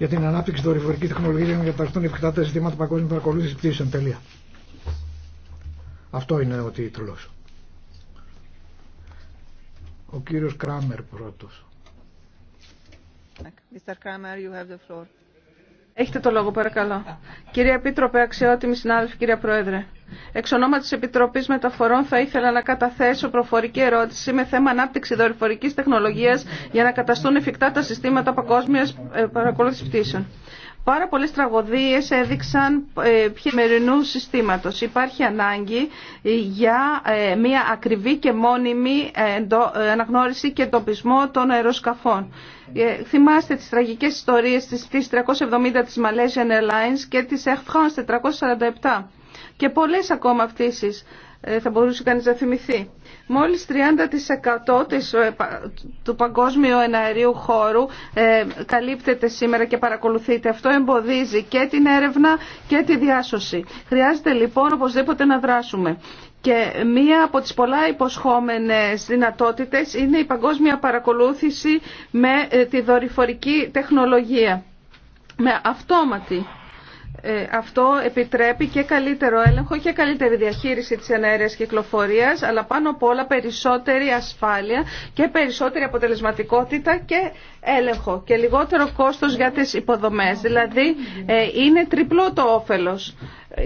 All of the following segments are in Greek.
για την ανάπτυξη δορυφορική τεχνολογία για να διαταχθούν επικρατά ζητήματα παγκόσμια παρακολούθηση πτήσεων. Τελεία. Αυτό είναι ο τίτλο. Ο κύριος Κράμερ πρώτος. Έχετε το λόγο, παρακαλώ. Κυρία Επίτροπε, αξιότιμη συνάδελφη, κυρία Πρόεδρε. Εξ ονόματο τη Επιτροπή Μεταφορών θα ήθελα να καταθέσω προφορική ερώτηση με θέμα ανάπτυξη δορυφορική τεχνολογία για να καταστούν εφικτά τα συστήματα παγκόσμια ε, παρακολούθηση πτήσεων. Πάρα πολλές τραγωδίε έδειξαν ε, μερινού συστήματος. Υπάρχει ανάγκη για ε, μια ακριβή και μόνιμη ε, αναγνώριση και τοπισμό των αεροσκαφών. Θυμάστε τις τραγικές ιστορίες της 370 της Malaysian Airlines και της Air France 447 και πολλές ακόμα πτήσει. Ε, θα μπορούσε κανείς να θυμηθεί. Μόλις 30% ε, του παγκόσμιου εναερίου χώρου ε, καλύπτεται σήμερα και παρακολουθείται. Αυτό εμποδίζει και την έρευνα και τη διάσωση. Χρειάζεται λοιπόν οπωσδήποτε να δράσουμε. Και μία από τις πολλά υποσχόμενες δυνατότητες είναι η παγκόσμια παρακολούθηση με τη δορυφορική τεχνολογία. Με αυτόματη ε, αυτό επιτρέπει και καλύτερο έλεγχο και καλύτερη διαχείριση της και κυκλοφορίας, αλλά πάνω απ' όλα περισσότερη ασφάλεια και περισσότερη αποτελεσματικότητα και έλεγχο και λιγότερο κόστος για τις υποδομές. Δηλαδή ε, είναι τριπλό το όφελος.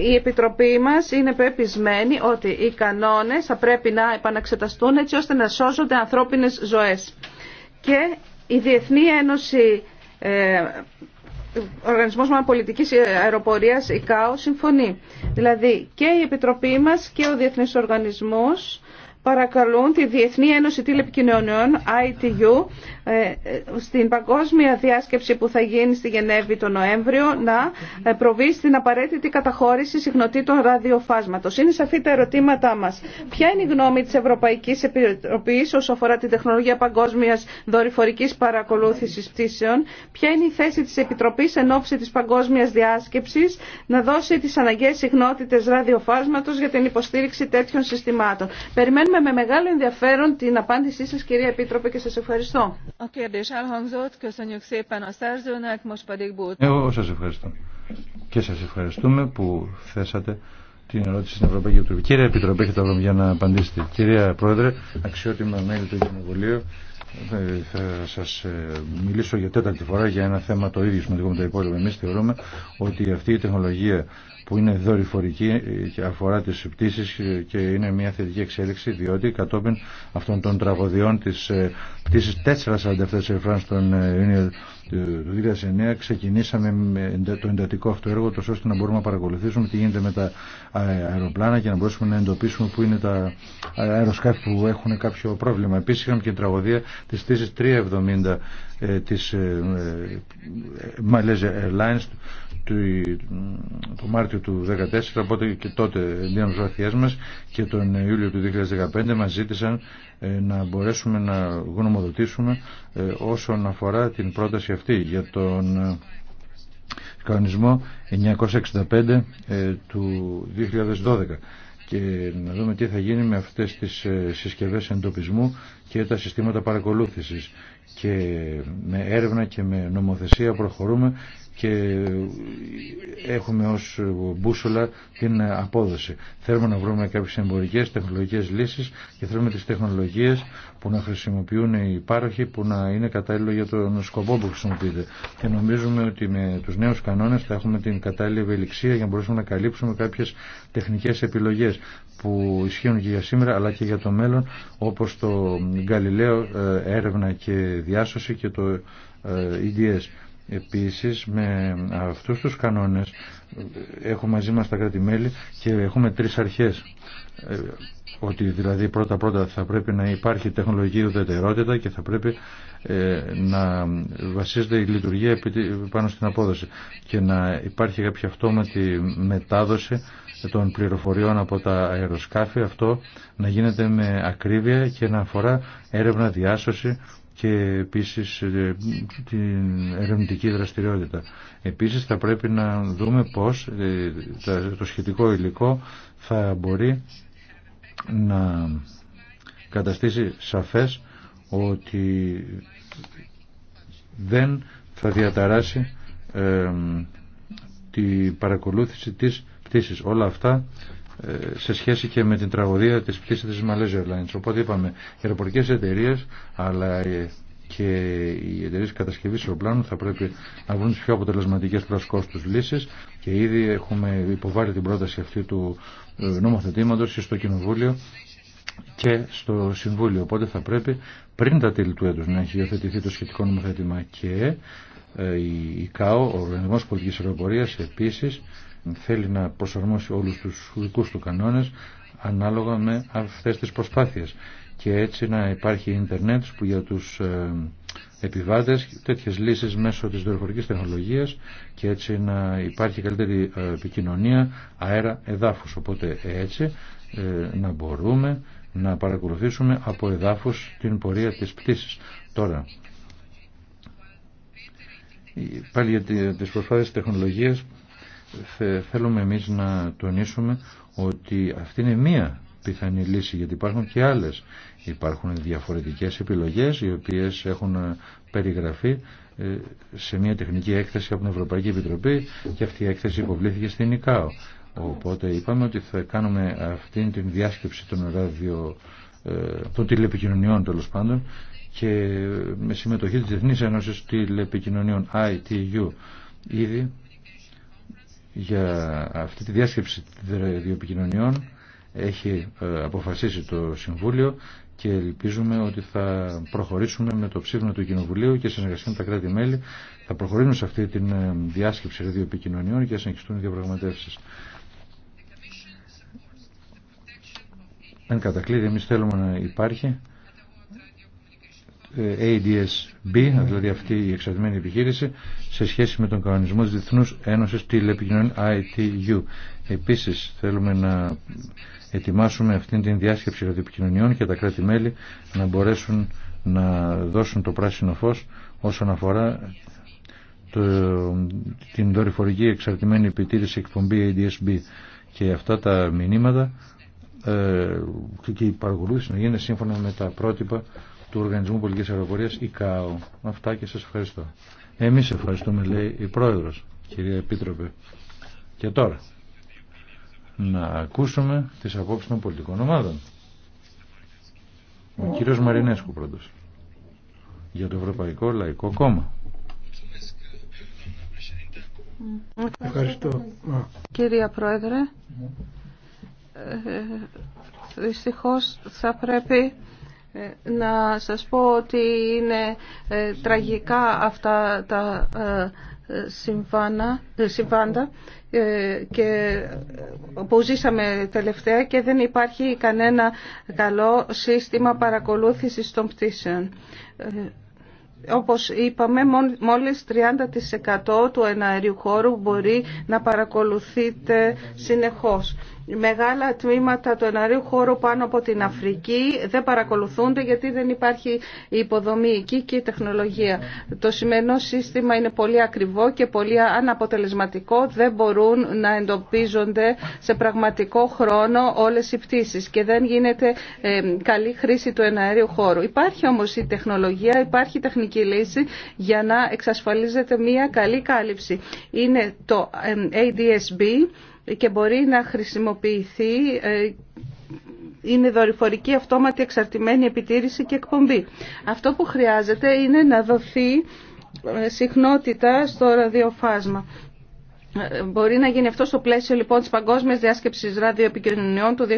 Η Επιτροπή μας είναι πεπισμένη ότι οι κανόνες θα πρέπει να επαναξεταστούν έτσι ώστε να σώζονται ανθρώπινες ζωές. Και η Διεθνή Ένωση ε, Οργανισμός Πολιτικής Αεροπορίας, η ΚΑΟ, συμφωνεί. Δηλαδή και η Επιτροπή μας και ο Διεθνής Οργανισμός παρακαλούν τη Διεθνή Ένωση Τηλεπικοινωνιών, ITU, ε, στην παγκόσμια διάσκεψη που θα γίνει στη Γενέβη τον Νοέμβριο, να ε, προβεί στην απαραίτητη καταχώρηση συχνοτήτων ραδιοφάσματος. Είναι σαφή τα ερωτήματά μας. Ποια είναι η γνώμη της Ευρωπαϊκής Επιτροπής όσο αφορά την τεχνολογία παγκόσμιας δορυφορικής παρακολούθησης πτήσεων, ποια είναι η θέση της Επιτροπής εν ώψη της παγκόσμιας διάσκεψης να δώσει τις αναγκαίες συχνότητες ραδιοφάσματος για την υποστήριξη τέτοιων συστημάτων. Περιμένουμε με μεγάλο ενδιαφέρον την απάντησή σας κυρία Επίτροπε και σας ευχαριστώ. Εγώ σας ευχαριστώ. Και σας ευχαριστούμε που θέσατε την ερώτηση στην Ευρωπαϊκή Επιτροπή. Κύριε Επίτροπε, έχετε λόγο για να απαντήσετε. Κυρία Πρόεδρε, αξιότιμα μέλη του Κοινοβουλίου, ε, θα σας ε, μιλήσω για τέταρτη φορά για ένα θέμα το ίδιο σημαντικό με τα υπόλοιπα. Εμείς θεωρούμε ότι αυτή η τεχνολογία που είναι δορυφορική και αφορά τις πτήσεις και είναι μια θετική εξέλιξη διότι κατόπιν αυτών των τραγωδιών της ε, πτήσης 447 France τον ε, Ιούνιο του 2009 ξεκινήσαμε με το εντατικό αυτό έργο τόσο ώστε να μπορούμε να παρακολουθήσουμε τι γίνεται με τα αεροπλάνα και να μπορούμε να εντοπίσουμε που είναι τα αεροσκάφη που έχουν κάποιο πρόβλημα. Επίσης είχαμε και την τραγωδία της πτήσης 370 ε, της Malaysia Airlines του Μάρτιο Μάρτιο του 2014, οπότε και τότε ενδιαν μας και τον Ιούλιο του 2015 μα ζήτησαν ε, να μπορέσουμε να γνωμοδοτήσουμε ε, όσον αφορά την πρόταση αυτή για τον ε, κανονισμό 965 του 2012 και να δούμε τι θα γίνει με αυτές τις συσκευές εντοπισμού και τα συστήματα παρακολούθησης και με έρευνα και με νομοθεσία προχωρούμε και έχουμε ως μπούσουλα την απόδοση. Θέλουμε να βρούμε κάποιες εμπορικές, τεχνολογικές λύσεις και θέλουμε τις τεχνολογίες που να χρησιμοποιούν οι πάροχοι που να είναι κατάλληλο για τον σκοπό που χρησιμοποιείται. Και νομίζουμε ότι με τους νέους κανόνες θα έχουμε την κατάλληλη ευελιξία για να μπορέσουμε να καλύψουμε κάποιες τεχνικές επιλογές που ισχύουν και για σήμερα αλλά και για το μέλλον όπως το Γκαλιλαίο ε, έρευνα και διάσωση και το ε, EDS. Επίσης με αυτούς τους κανόνες έχουμε μαζί μας τα κρατη και έχουμε τρεις αρχές. Ε, ότι δηλαδή πρώτα-πρώτα θα πρέπει να υπάρχει τεχνολογική ουδετερότητα και θα πρέπει ε, να βασίζεται η λειτουργία πάνω στην απόδοση και να υπάρχει κάποια αυτόματη μετάδοση των πληροφοριών από τα αεροσκάφη αυτό να γίνεται με ακρίβεια και να αφορά έρευνα, διάσωση και επίσης ε, την ερευνητική δραστηριότητα. Επίσης θα πρέπει να δούμε πώς ε, το σχετικό υλικό θα μπορεί να καταστήσει σαφές ότι δεν θα διαταράσει ε, τη παρακολούθηση της πτήσης. Όλα αυτά ε, σε σχέση και με την τραγωδία της πτήσης της Malaysia Airlines. Οπότε είπαμε, οι αεροπορικές εταιρείες αλλά ε, και οι εταιρείε κατασκευή αεροπλάνων θα πρέπει να βρουν τι πιο αποτελεσματικέ προ λύσει και ήδη έχουμε υποβάλει την πρόταση αυτή του ε, νομοθετήματο στο Κοινοβούλιο και στο Συμβούλιο. Οπότε θα πρέπει πριν τα τέλη του έτου να έχει υιοθετηθεί το σχετικό νομοθέτημα και η ΚΑΟ, ο Οργανισμό Πολιτική Αεροπορία, επίση θέλει να προσαρμόσει όλους τους δικούς του κανόνες ανάλογα με αυτές τις προσπάθειες και έτσι να υπάρχει ίντερνετ που για τους ε, επιβάτες τέτοιες λύσεις μέσω της δορυφορικής τεχνολογίας και έτσι να υπάρχει καλύτερη ε, επικοινωνία αέρα εδάφους οπότε έτσι ε, να μπορούμε να παρακολουθήσουμε από εδάφους την πορεία της πτήσης τώρα πάλι για τις προσπάθειες τεχνολογίας θέλουμε εμείς να τονίσουμε ότι αυτή είναι μία πιθανή λύση γιατί υπάρχουν και άλλες. Υπάρχουν διαφορετικές επιλογές οι οποίες έχουν ε, περιγραφεί ε, σε μια τεχνική έκθεση από την Ευρωπαϊκή Επιτροπή και αυτή η έκθεση υποβλήθηκε στην ΙΚΑΟ. Οπότε είπαμε ότι θα κάνουμε αυτή την διάσκεψη των ράδιο ε, τηλεπικοινωνιών τέλο πάντων και με συμμετοχή της Διεθνής Ένωσης Τηλεπικοινωνιών ITU ήδη για αυτή τη διάσκεψη των επικοινωνιών έχει ε, αποφασίσει το Συμβούλιο και ελπίζουμε ότι θα προχωρήσουμε με το ψήφισμα του Κοινοβουλίου και συνεργασία με τα κράτη-μέλη θα προχωρήσουμε σε αυτή τη ε, διάσκεψη επικοινωνιών και θα συνεχιστούν οι διαπραγματεύσει. Εν κατακλείδη, εμεί θέλουμε να υπάρχει ε, ADS-B, δηλαδή αυτή η εξαρτημένη επιχείρηση, σε σχέση με τον κανονισμό της Διεθνούς Ένωσης Τηλεπικοινωνίων ITU. Επίσης, θέλουμε να ετοιμάσουμε αυτήν την διάσκεψη επικοινωνιών και τα κράτη-μέλη να μπορέσουν να δώσουν το πράσινο φως όσον αφορά το, την δορυφορική εξαρτημένη επιτήρηση εκπομπή ADS-B και αυτά τα μηνύματα ε, και η παρακολούθηση να γίνει σύμφωνα με τα πρότυπα του Οργανισμού Πολιτικής Αεροπορίας, ΚΑΟ. Αυτά και σας ευχαριστώ. Εμείς ευχαριστούμε, λέει η Πρόεδρος, κυρία Επίτροπε. Και τώρα, να ακούσουμε τις απόψεις των πολιτικών ομάδων. Ο κύριος Μαρινέσκου πρώτος, για το Ευρωπαϊκό Λαϊκό Κόμμα. Ευχαριστώ. Κυρία Πρόεδρε, ε, δυστυχώς θα πρέπει ε, να σας πω ότι είναι ε, τραγικά αυτά τα ε, συμβάντα και που ζήσαμε τελευταία και δεν υπάρχει κανένα καλό σύστημα παρακολούθησης των πτήσεων. Όπως είπαμε, μόλις 30% του εναέριου χώρου μπορεί να παρακολουθείται συνεχώς. Μεγάλα τμήματα του εναρίου χώρου πάνω από την Αφρική δεν παρακολουθούνται γιατί δεν υπάρχει η υποδομή εκεί και η τεχνολογία. Το σημερινό σύστημα είναι πολύ ακριβό και πολύ αναποτελεσματικό. Δεν μπορούν να εντοπίζονται σε πραγματικό χρόνο όλες οι πτήσεις και δεν γίνεται ε, καλή χρήση του εναρίου χώρου. Υπάρχει όμως η τεχνολογία, υπάρχει η τεχνική λύση για να εξασφαλίζεται μια καλή κάλυψη. Είναι το ε, ADSB και μπορεί να χρησιμοποιηθεί ε, είναι δορυφορική αυτόματη εξαρτημένη επιτήρηση και εκπομπή. Αυτό που χρειάζεται είναι να δοθεί ε, συχνότητα στο ραδιοφάσμα Μπορεί να γίνει αυτό στο πλαίσιο λοιπόν της Παγκόσμιας Διάσκεψης Ραδιοεπικοινωνιών του 2015,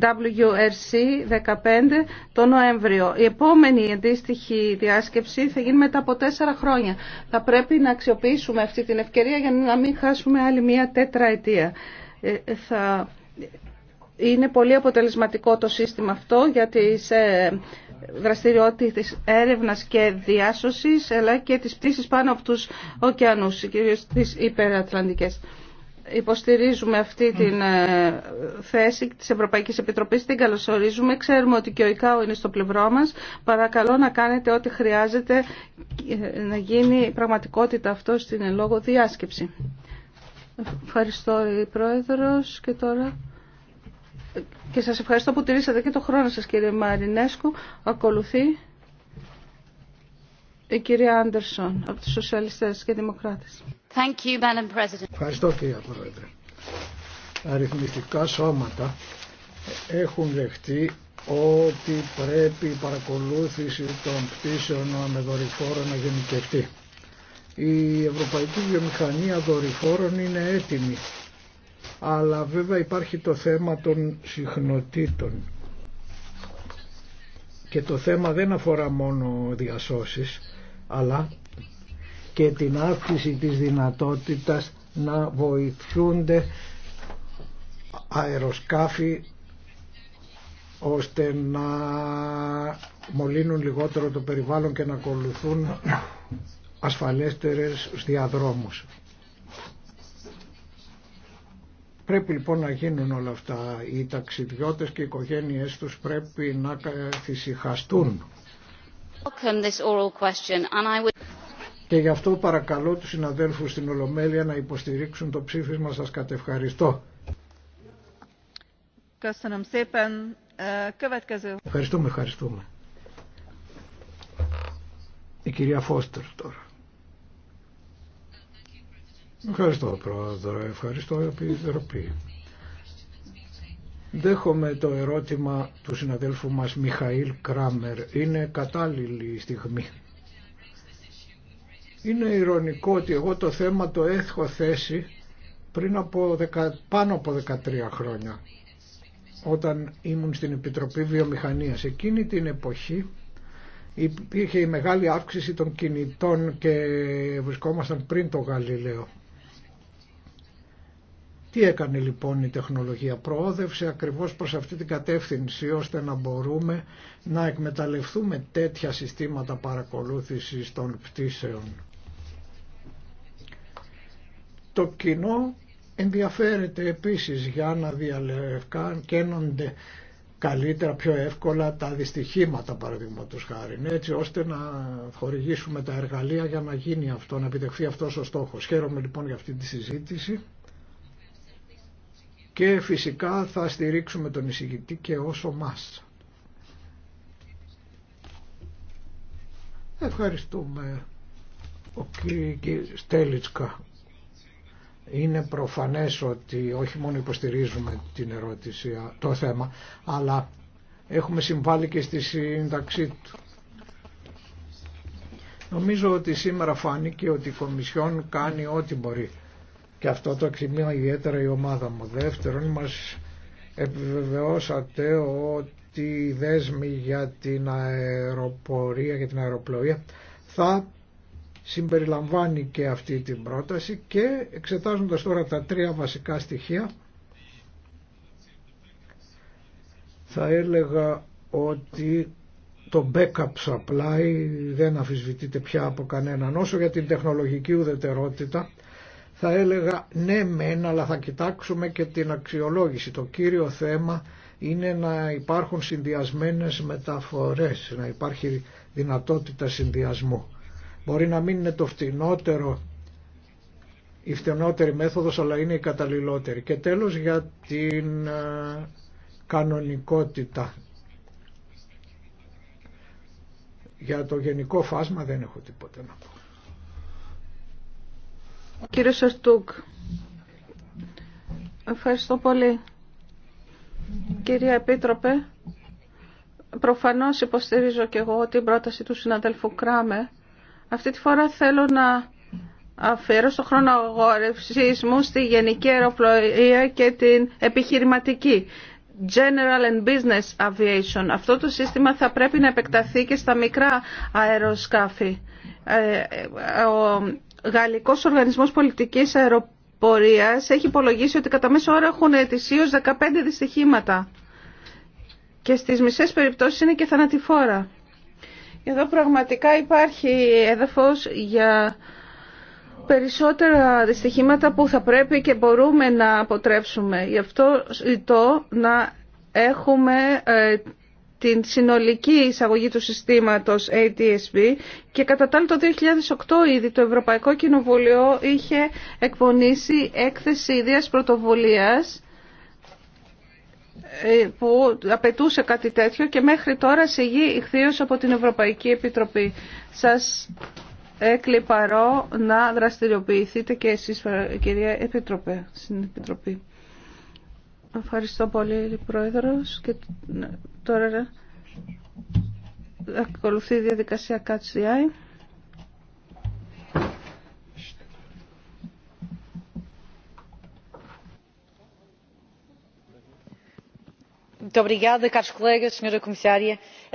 WRC 15, το Νοέμβριο. Η επόμενη αντίστοιχη διάσκεψη θα γίνει μετά από τέσσερα χρόνια. Θα πρέπει να αξιοποιήσουμε αυτή την ευκαιρία για να μην χάσουμε άλλη μία τέτρα αιτία. Ε, θα είναι πολύ αποτελεσματικό το σύστημα αυτό για τις δραστηριότητες έρευνας και διάσωσης αλλά και τις πτήσει πάνω από τους ωκεανούς, κυρίως τις υπερατλαντικές. Υποστηρίζουμε αυτή την ε, θέση της Ευρωπαϊκής Επιτροπής, την καλωσορίζουμε. Ξέρουμε ότι και ο ΙΚΑΟ είναι στο πλευρό μας. Παρακαλώ να κάνετε ό,τι χρειάζεται να γίνει πραγματικότητα αυτό στην λόγω διάσκεψη. Ευχαριστώ, η Πρόεδρος. Και τώρα και σας ευχαριστώ που τηρήσατε και το χρόνο σας κύριε Μαρινέσκου. Ακολουθεί η κυρία Άντερσον από τους Σοσιαλιστές και Δημοκράτες. Ευχαριστώ κύριε Πρόεδρε. Αριθμιστικά σώματα έχουν δεχτεί ότι πρέπει η παρακολούθηση των πτήσεων με δορυφόρο να γενικευτεί. Η ευρωπαϊκή βιομηχανία δορυφόρων είναι έτοιμη αλλά βέβαια υπάρχει το θέμα των συχνοτήτων και το θέμα δεν αφορά μόνο διασώσεις αλλά και την αύξηση της δυνατότητας να βοηθούνται αεροσκάφη ώστε να μολύνουν λιγότερο το περιβάλλον και να ακολουθούν ασφαλέστερες διαδρόμους. Πρέπει λοιπόν να γίνουν όλα αυτά. Οι ταξιδιώτες και οι οικογένειές τους πρέπει να θυσυχαστούν. Και γι' αυτό παρακαλώ τους συναδέλφους στην Ολομέλεια να υποστηρίξουν το ψήφισμα σας κατευχαριστώ. Ε, ευχαριστούμε, ευχαριστούμε. Η κυρία Φώστερ τώρα. Ευχαριστώ Πρόεδρε. ευχαριστώ Επιτροπή. Δέχομαι το ερώτημα του συναδέλφου μας Μιχαήλ Κράμερ. Είναι κατάλληλη η στιγμή. Είναι ηρωνικό ότι εγώ το θέμα το έχω θέσει πριν από δεκα, πάνω από 13 χρόνια όταν ήμουν στην Επιτροπή Βιομηχανίας. Εκείνη την εποχή υπήρχε η μεγάλη αύξηση των κινητών και βρισκόμασταν πριν το Γαλιλαίο. Τι έκανε λοιπόν η τεχνολογία, προόδευσε ακριβώς προς αυτή την κατεύθυνση ώστε να μπορούμε να εκμεταλλευτούμε τέτοια συστήματα παρακολούθησης των πτήσεων. Το κοινό ενδιαφέρεται επίσης για να διαλευκάνονται καλύτερα, πιο εύκολα τα δυστυχήματα παραδείγματος χάρη, έτσι ώστε να χορηγήσουμε τα εργαλεία για να γίνει αυτό, να επιτευχθεί αυτός ο στόχος. Χαίρομαι λοιπόν για αυτή τη συζήτηση και φυσικά θα στηρίξουμε τον εισηγητή και όσο μας. Ευχαριστούμε ο κ. Στέλιτσκα. Είναι προφανές ότι όχι μόνο υποστηρίζουμε την ερώτηση, το θέμα, αλλά έχουμε συμβάλει και στη σύνταξή του. Νομίζω ότι σήμερα φάνηκε ότι η Κομισιόν κάνει ό,τι μπορεί και αυτό το εκτιμεί ιδιαίτερα η ομάδα μου. Δεύτερον, μας επιβεβαιώσατε ότι οι δέσμοι για την αεροπορία, για την αεροπλοεία θα συμπεριλαμβάνει και αυτή την πρόταση και εξετάζοντας τώρα τα τρία βασικά στοιχεία θα έλεγα ότι το backup supply δεν αφισβητείται πια από κανέναν όσο για την τεχνολογική ουδετερότητα θα έλεγα ναι μεν αλλά θα κοιτάξουμε και την αξιολόγηση. Το κύριο θέμα είναι να υπάρχουν συνδυασμένες μεταφορές, να υπάρχει δυνατότητα συνδυασμού. Μπορεί να μην είναι το φτηνότερο η φτηνότερη μέθοδος αλλά είναι η καταλληλότερη. Και τέλος για την ε, κανονικότητα. Για το γενικό φάσμα δεν έχω τίποτα να πω. Κύριε Σερτούγκ, ευχαριστώ πολύ. Κυρία Επίτροπε, προφανώς υποστηρίζω και εγώ την πρόταση του συναδέλφου Κράμε. Αυτή τη φορά θέλω να αφιέρω στο χρόνο αγόρευσής μου στη γενική αεροπλοεία και την επιχειρηματική. General and Business Aviation. Αυτό το σύστημα θα πρέπει να επεκταθεί και στα μικρά αεροσκάφη. Ε, ε, Γαλλικός Οργανισμός Πολιτικής Αεροπορίας έχει υπολογίσει ότι κατά μέσο όρο έχουν ετησίω 15 δυστυχήματα και στις μισές περιπτώσεις είναι και θανατηφόρα. Εδώ πραγματικά υπάρχει έδαφος για περισσότερα δυστυχήματα που θα πρέπει και μπορούμε να αποτρέψουμε. Γι' αυτό ζητώ να έχουμε ε, την συνολική εισαγωγή του συστήματος ATSB και κατά τα το 2008 ήδη το Ευρωπαϊκό Κοινοβούλιο είχε εκπονήσει έκθεση ιδίας πρωτοβουλίας ε, που απαιτούσε κάτι τέτοιο και μέχρι τώρα συγεί ηχθείως από την Ευρωπαϊκή Επιτροπή. Σας εκλυπαρώ να δραστηριοποιηθείτε και εσείς κυρία Επιτροπέ, στην Επιτροπή. Ευχαριστώ πολύ, Πρόεδρος. Και τώρα ακολουθεί η διαδικασία ΚΑΤΣΙΑΙ.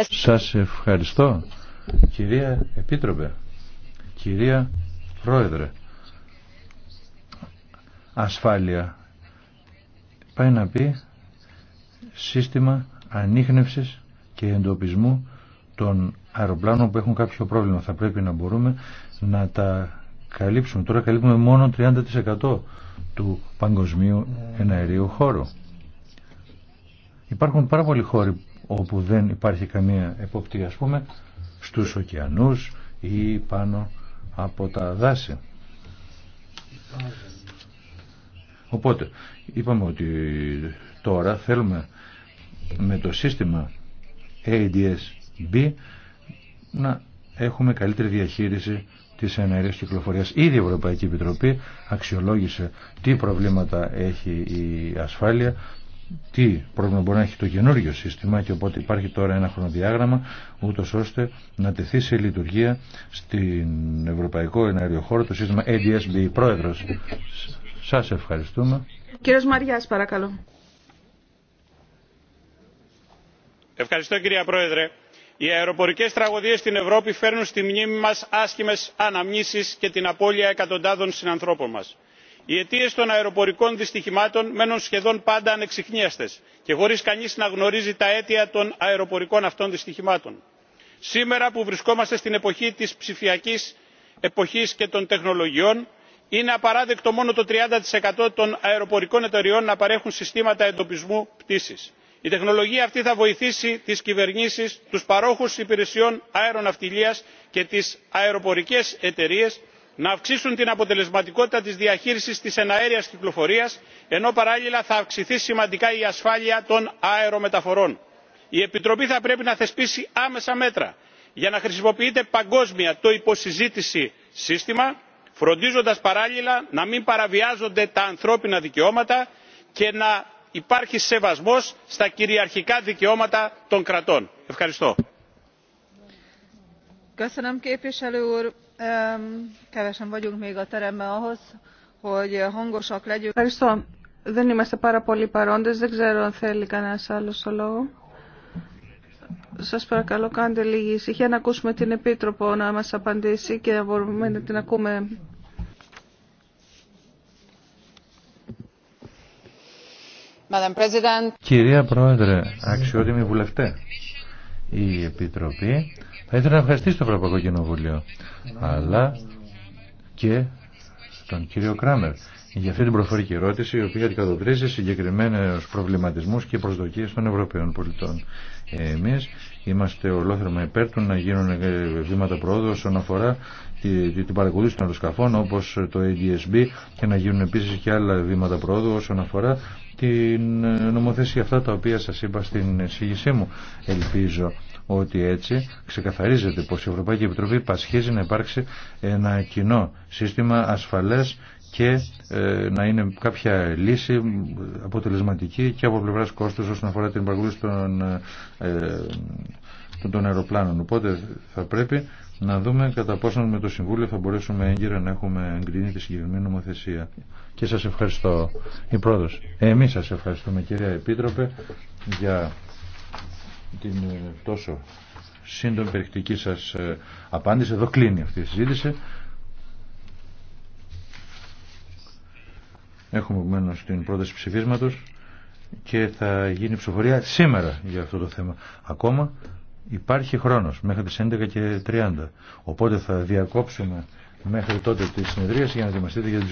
Σας ευχαριστώ, κυρία Επίτροπε, κυρία Πρόεδρε. Ασφάλεια πάει να πει σύστημα ανείχνευσης και εντοπισμού των αεροπλάνων που έχουν κάποιο πρόβλημα. Θα πρέπει να μπορούμε να τα καλύψουμε. Τώρα καλύπτουμε μόνο 30% του παγκοσμίου εναερίου χώρου. Υπάρχουν πάρα πολλοί χώροι όπου δεν υπάρχει καμία εποπτεία, ας πούμε, στους ωκεανούς ή πάνω από τα δάση. Οπότε είπαμε ότι τώρα θέλουμε με το σύστημα ADS-B να έχουμε καλύτερη διαχείριση της εναερίας κυκλοφορίας. Ήδη η Ευρωπαϊκή Επιτροπή αξιολόγησε τι προβλήματα έχει η ασφάλεια, τι πρόβλημα μπορεί να έχει το καινούργιο σύστημα και οπότε υπάρχει τώρα ένα χρονοδιάγραμμα ούτως ώστε να τεθεί σε λειτουργία στην Ευρωπαϊκό Εναεριοχώρο το σύστημα ADS-B. Πρόεδρος, σας ευχαριστούμε. Κύριος Μαριάς, παρακαλώ. Ευχαριστώ κυρία Πρόεδρε. Οι αεροπορικές τραγωδίες στην Ευρώπη φέρνουν στη μνήμη μας άσχημες αναμνήσεις και την απώλεια εκατοντάδων συνανθρώπων μας. Οι αιτίε των αεροπορικών δυστυχημάτων μένουν σχεδόν πάντα ανεξιχνίαστες και χωρίς κανείς να γνωρίζει τα αίτια των αεροπορικών αυτών δυστυχημάτων. Σήμερα που βρισκόμαστε στην εποχή της ψηφιακής εποχής και των τεχνολογιών, είναι απαράδεκτο μόνο το 30% των αεροπορικών εταιριών να παρέχουν συστήματα εντοπισμού πτήσης. η τεχνολογία αυτή θα βοηθήσει τις κυβερνήσεις τους παρόχους υπηρεσιών αεροναυτιλίας και τις αεροπορικές εταιρείες να αυξήσουν την αποτελεσματικότητα της διαχείρισης της εναέριας κυκλοφορίας ενώ παράλληλα θα αυξηθεί σημαντικά η ασφάλεια των αερομεταφορών. η επιτροπή θα πρέπει να θεσπίσει άμεσα μέτρα για να χρησιμοποιείται παγκόσμια το υποσυζήτηση σύστημα φροντίζοντας παράλληλα να μην παραβιάζονται τα ανθρώπινα δικαιώματα και να υπάρχει σεβασμός στα κυριαρχικά δικαιώματα των κρατών. Ευχαριστώ. Ευχαριστώ. Δεν είμαστε πάρα πολλοί παρόντες. Δεν ξέρω αν θέλει κανένας άλλος λόγο. Σας παρακαλώ κάντε λίγη ησυχία να ακούσουμε την Επίτροπο να μας απαντήσει και να μπορούμε να την ακούμε. Κυρία Πρόεδρε, αξιότιμοι βουλευτέ, η Επιτροπή θα ήθελα να ευχαριστήσει το Ευρωπαϊκό Κοινοβούλιο, αλλά και τον κύριο Κράμερ για αυτή την προφορική ερώτηση, η οποία αντικατοπτρίζει συγκεκριμένου προβληματισμού και προσδοκίε των Ευρωπαίων πολιτών. Εμεί είμαστε ολόθερμα υπέρ του να γίνουν ε, βήματα προόδου όσον αφορά την παρακολούθηση των αεροσκαφών όπω το ADSB και να γίνουν επίση και άλλα βήματα προόδου όσον αφορά την νομοθεσία αυτά τα οποία σα είπα στην εισήγησή μου. Ελπίζω ότι έτσι ξεκαθαρίζεται πως η Ευρωπαϊκή Επιτροπή πασχίζει να υπάρξει ένα κοινό σύστημα ασφαλές και ε, να είναι κάποια λύση αποτελεσματική και από πλευράς κόστος όσον αφορά την παρακολούθηση ε, των, των αεροπλάνων. Οπότε θα πρέπει να δούμε κατά πόσον με το Συμβούλιο θα μπορέσουμε έγκυρα να έχουμε εγκρίνει τη συγκεκριμένη νομοθεσία. Και σας ευχαριστώ η πρόεδρος. Εμείς σας ευχαριστούμε κυρία Επίτροπε για την ε, τόσο σύντομη περιεκτική σας απάντηση. Εδώ κλείνει αυτή η συζήτηση. Έχουμε επομένω την πρόταση ψηφίσματο και θα γίνει ψηφοφορία σήμερα για αυτό το θέμα. Ακόμα υπάρχει χρόνο μέχρι τι 11 και 30. Οπότε θα διακόψουμε μέχρι τότε τη συνεδρίαση για να ετοιμαστείτε για την ψηφοφορία.